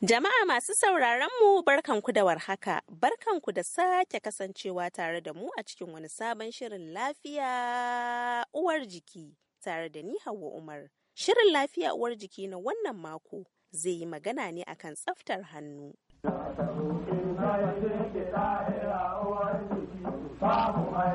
Jama'a masu sauraron mu barkanku da warhaka, barkanku da sake kasancewa tare da mu a cikin wani sabon shirin lafiya uwar jiki tare da ni Hauwa Umar. Shirin lafiya uwar jiki na wannan mako zai yi magana ne akan tsaftar hannu. Babu mai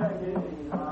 da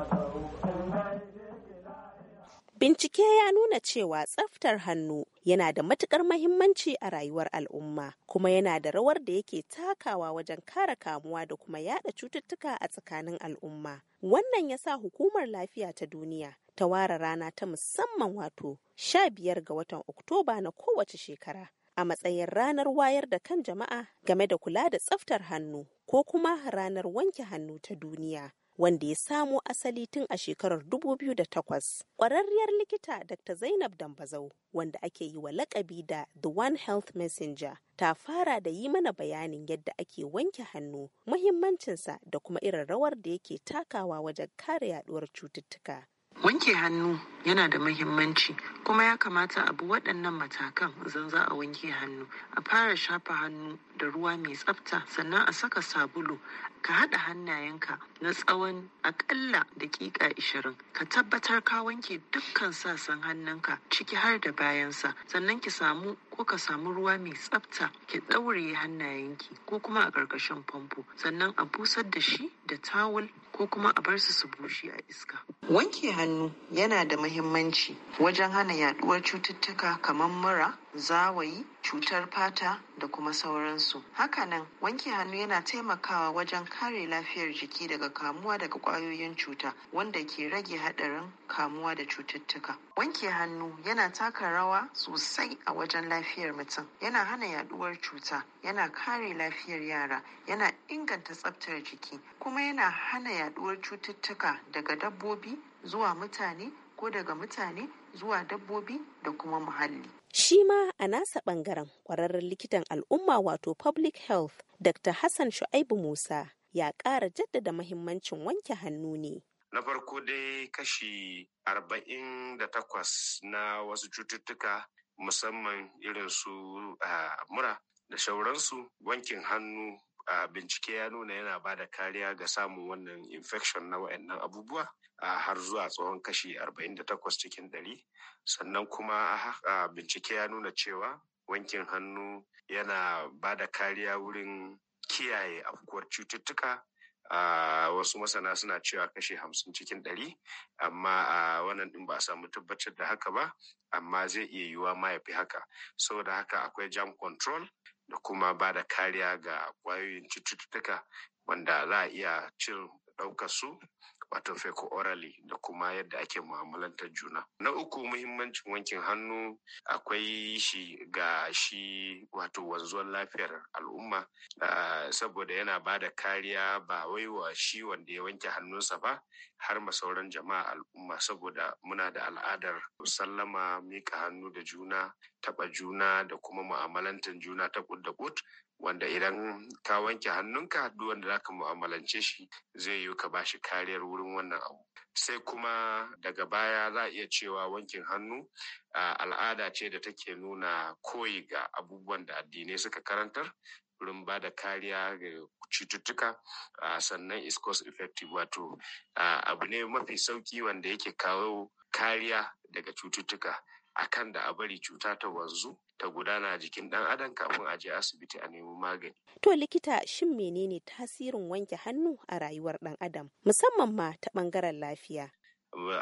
Bincike ya nuna cewa tsaftar hannu yana da matukar mahimmanci a rayuwar al'umma kuma yana da rawar da yake takawa wajen kare kamuwa da kuma yada cututtuka a tsakanin al'umma. Wannan ya sa hukumar lafiya ta duniya ta ware rana ta musamman wato 15 ga watan Oktoba na kowace shekara. a matsayin ranar wayar da kan jama'a game da kula da tsaftar hannu ko kuma ranar wanke hannu ta duniya. wanda ya samo asali tun a shekarar 2008. Ƙwararriyar likita Dr. Zainab Dambazau wanda ake yi wa lakabi da The One Health Messenger ta fara da yi mana bayanin yadda ake wanke hannu, muhimmancinsa da kuma irin rawar da yake takawa wajen kare yaduwar cututtuka. wanke hannu yana da muhimmanci kuma ya kamata a bi waɗannan matakan zan za a wanke hannu a fara shafa hannu da ruwa mai tsafta sannan a saka sabulu ka haɗa hannayenka na tsawon aƙalla daƙiƙa ishirin ka tabbatar ka wanke dukkan sassan hannunka ciki har da bayansa sannan ki samu ko ka samu ruwa mai tsafta ki ɗaure hannayenki ko kuma a ƙarƙashin famfo sannan a busar da shi da tawul ko kuma a bar su su bushe a iska. Wanke hannu yana da muhimmanci wajen hana yaduwar cututtuka kamar mura, zawayi cutar fata da kuma sauransu hakanan wanke hannu yana taimakawa wajen kare lafiyar jiki daga kamuwa daga kwayoyin cuta wanda ke rage haɗarin kamuwa da cututtuka wanke hannu yana taka rawa sosai a wajen lafiyar mutum yana hana yaduwar cuta yana kare lafiyar yara yana inganta tsaftar jiki kuma yana hana yaduwar cututtuka daga dabbobi zuwa mutane ko daga mutane zuwa dabbobi da kuma muhalli. Shi ma a nasa ɓangaren ƙwararren likitan al'umma wato public health Dr. Hassan Shu'aibu Musa ya ƙara jaddada mahimmancin wanke hannu ne. Na farko dai kashi arba'in da takwas na wasu cututtuka musamman irin su ah, mura da shauransu wankin hannu bincike ya nuna yana ba da kariya ga samun wannan infection na wayannan abubuwa har zuwa tsawon kashi 48 cikin ɗari, sannan kuma a bincike ya nuna cewa wankin hannu yana ba da kariya wurin kiyaye afkuwar cututtuka a wasu masana suna cewa kashi hamsin cikin ɗari amma a wannan ɗin ba a samu tabbatar da haka ba amma zai iya yiwuwa ma ya fi haka saboda haka akwai jam control da kuma ba da kariya ga kwayoyin cututtuka wanda za a iya cin ɗaukar su wato feko orally da kuma yadda ake mu'amalantar juna. Na uku muhimmancin wankin hannu akwai shi ga shi wato wanzuwan lafiyar al'umma ah, saboda yana ba da kariya ba wai wa shi wanda ya wanke hannunsa ba har ma sauran jama'a al'umma saboda muna da al'adar sallama mika hannu da juna taɓa juna da kuma mu'amalantar juna ta kut wanda idan ka wanke hannunka duk wanda ka mu'amalance shi zai yi ka bashi kariyar wurin wannan abu sai kuma daga baya za a iya cewa wankin hannu al'ada ce da take nuna koyi ga abubuwan da addinai suka karantar wurin ba da kariya ga cututtuka sannan is cost effective wato abu ne mafi sauki wanda yake kawo kariya daga cututtuka akan da a bari cuta ta wanzu ta gudana jikin ɗan adam kafin a je asibiti a nemi magani. To likita shin menene tasirin wanke hannu a rayuwar ɗan adam musamman ma ta ɓangaren lafiya?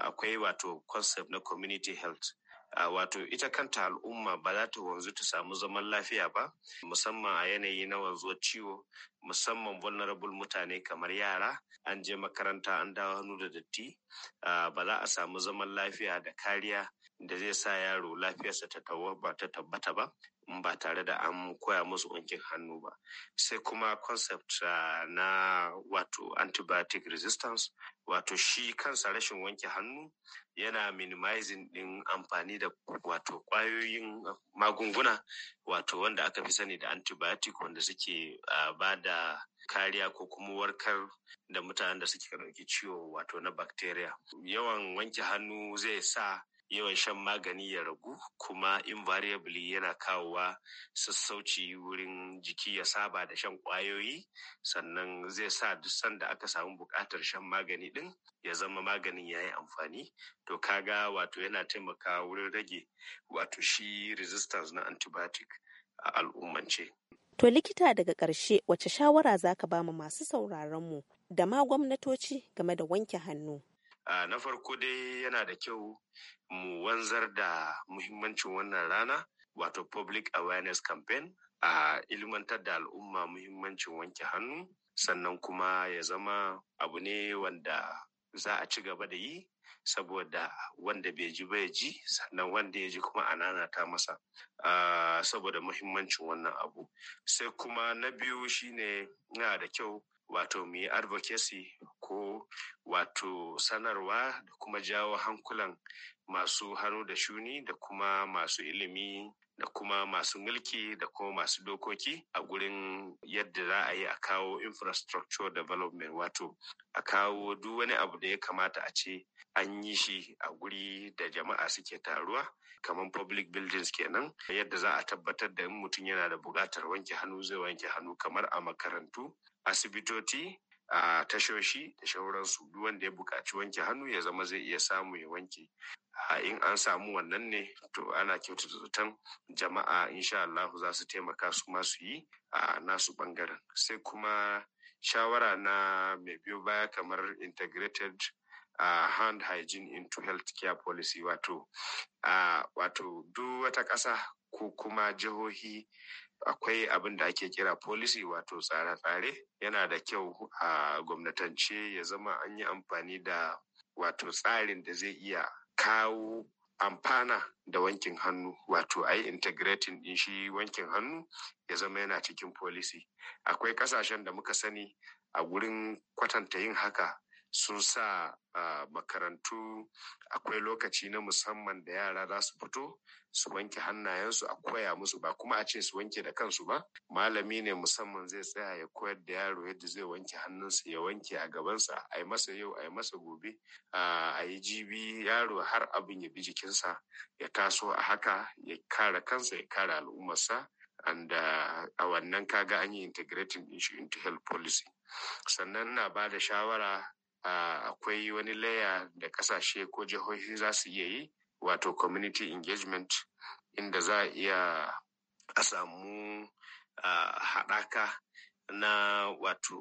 Akwai wato konsep na community health Uh, wato ita kanta al'umma ba za ta wanzu ta samu zaman lafiya ba musamman a yanayi na wanzuwar ciwo musamman vulnerable mutane kamar yara an je makaranta an dawo hannu da datti uh, ba za a samu zaman lafiya da kariya da zai sa yaro lafiyarsa ta ba ta tabbata ba in ba tare da an koya musu wankin hannu ba sai kuma concept ah, na wato antibiotic resistance wato shi kansa rashin wanke hannu yana minimizing din amfani da wato kwayoyin magunguna wato wanda aka fi sani da antibiotic wanda suke ah, ba da kariya ko kuma warkar da mutanen da suke ɗauki ciwo wato na bacteria yawan wanke hannu zai sa yawan shan magani ya ragu kuma invariably yana kawowa sassauci wurin jiki ya saba da shan kwayoyi sannan zai sa duk sanda aka samu buƙatar shan magani ɗin ya zama maganin ya yi amfani to kaga wato yana taimakawa wurin rage wato shi resistance na antibiotic a al'ummance. To likita daga ƙarshe wace shawara za ka ba mu masu sauraronmu da ma gwamnatoci game da wanke hannu? na farko dai yana da kyau mu wanzar da muhimmancin wannan rana wato public awareness campaign a ilmantar da al'umma muhimmancin wanke hannu sannan kuma ya zama abu ne wanda za a ci gaba da yi saboda wanda bai ji bai ji sannan wanda ya ji kuma a ta masa saboda muhimmancin wannan abu sai kuma na biyu shine yana da kyau wato mu yi advocacy ko wato sanarwa da kuma jawo hankulan masu hannu da shuni da kuma masu ilimi da kuma masu mulki da kuma masu dokoki a gurin yadda za a yi a kawo infrastructure development wato a kawo duk wani abu da ya kamata a ce an yi shi a guri da jama'a suke taruwa kamar public buildings kenan yadda za a tabbatar da in mutum yana da buƙatar wanke hannu zai wanke hannu kamar a makarantu asibitoci a tashoshi da shauransu duk wanda ya buƙaci wanke hannu ya zama zai iya samu ya wanke in an samu wannan ne to ana kyautata zaton jama'a insha Allah za su taimaka su masu yi a nasu bangaren sai kuma shawara na mai biyo baya kamar integrated uh, hand hygiene into healthcare policy wato uh, wato duk wata ƙasa ko kuma jihohi akwai abin da ake kira policy wato tsare-tsare yana da kyau a gwamnatance ya zama an yi amfani da wato tsarin da zai iya kawo amfana da wankin hannu wato a yi integrating din shi wankin hannu ya zama yana cikin policy akwai kasashen da muka sani a gurin kwatanta yin haka sun sa makarantu akwai lokaci na musamman da yara za su fito su wanke hannayensu a koya musu ba kuma a ce su wanke da kansu ba malami ne musamman zai tsaya ya koyar da yaro yadda zai wanke hannunsa ya wanke a gabansa a yi masa yau a yi masa gobe a yi jibi yaro har abin ya bi jikinsa ya taso a haka ya kare kansa ya kare al'ummarsa and uh, a wannan kaga an yi integrating into health policy sannan na ba da shawara akwai wani laya da kasashe ko jihohi za su iya yi wato community engagement inda za a iya a samu haɗaka na wato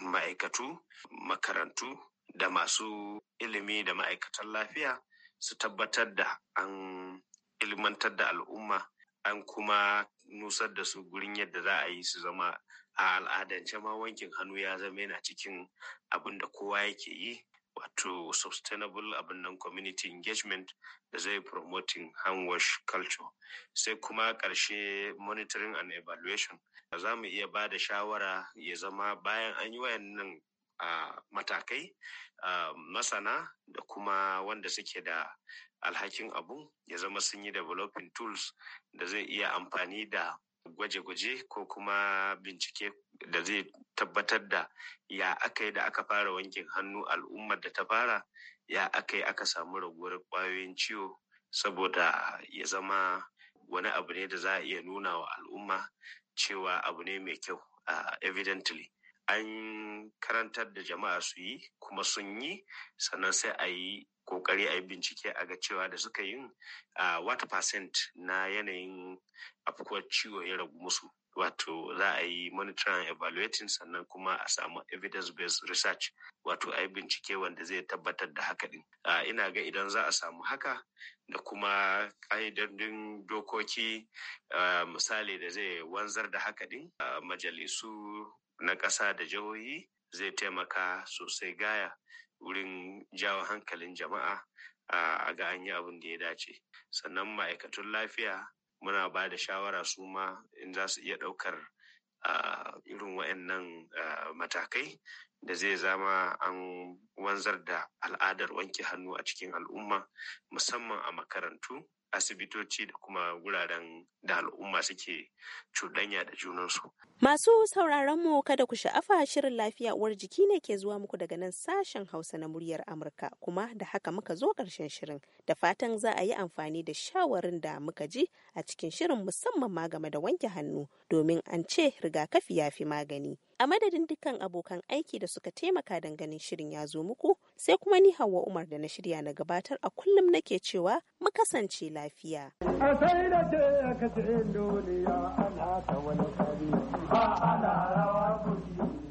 ma'aikatu makarantu da masu ilimi da ma'aikatan lafiya su tabbatar da an ilmantar da al'umma an kuma nusar da su gurin yadda za a yi su zama a al'adance ma wankin hannu ya zama yana cikin abin da kowa yake yi wato sustainable abin nan community engagement da zai promoting hand wash culture sai kuma ƙarshe monitoring and evaluation za mu iya ba da shawara ya zama bayan an yi wayannan uh, matakai uh, masana da kuma wanda suke da alhakin abu ya zama sun yi developing tools da zai iya amfani da gwaje-gwaje ko kuma bincike da zai tabbatar da ya aka yi da aka fara wankin hannu al'ummar da ta fara ya aka yi aka samu raguwar ƙwayoyin ciwo saboda ya zama wani abu ne da za a iya nuna wa al'umma cewa abu ne mai kyau ah, evidently an karantar da jama'a su yi kuma sun yi sannan sai a yi kokari a yi bincike a ga cewa da suka yi what percent na yanayin afkuwar ciwo ya ragu musu wato za a yi monitoring evaluating sannan kuma a samu evidence based research wato a yi bincike wanda zai tabbatar da haka din ina ga idan za a samu haka da kuma ƙa'idodin dokoki misali da zai wanzar da haka din majalisu na ƙasa da jihohi zai taimaka sosai gaya wurin jawo hankalin jama'a a ga an yi abin da ya dace sannan ma'aikatun lafiya muna ba da shawara su ma in za su iya ɗaukar irin wa'annan matakai da zai zama an wanzar da al'adar wanke hannu a cikin al'umma musamman a makarantu asibitoci da kuma wuraren da al'umma suke cuɗanya da junansu. Masu sauraron mu kada ku sha'afa shirin lafiya uwar jiki ne ke zuwa muku daga nan sashen Hausa na muryar Amurka kuma da haka muka zo ƙarshen shirin da fatan za a yi amfani da shawarin da muka ji a cikin shirin musamman ma game da wanke hannu domin an ce rigakafi ya fi magani. A madadin dukkan abokan aiki da suka taimaka don ganin shirin ya zo muku, sai kuma ni Hauwa Umar da na shirya na gabatar a kullum nake cewa mu kasance lafiya. A ana ba ana rawa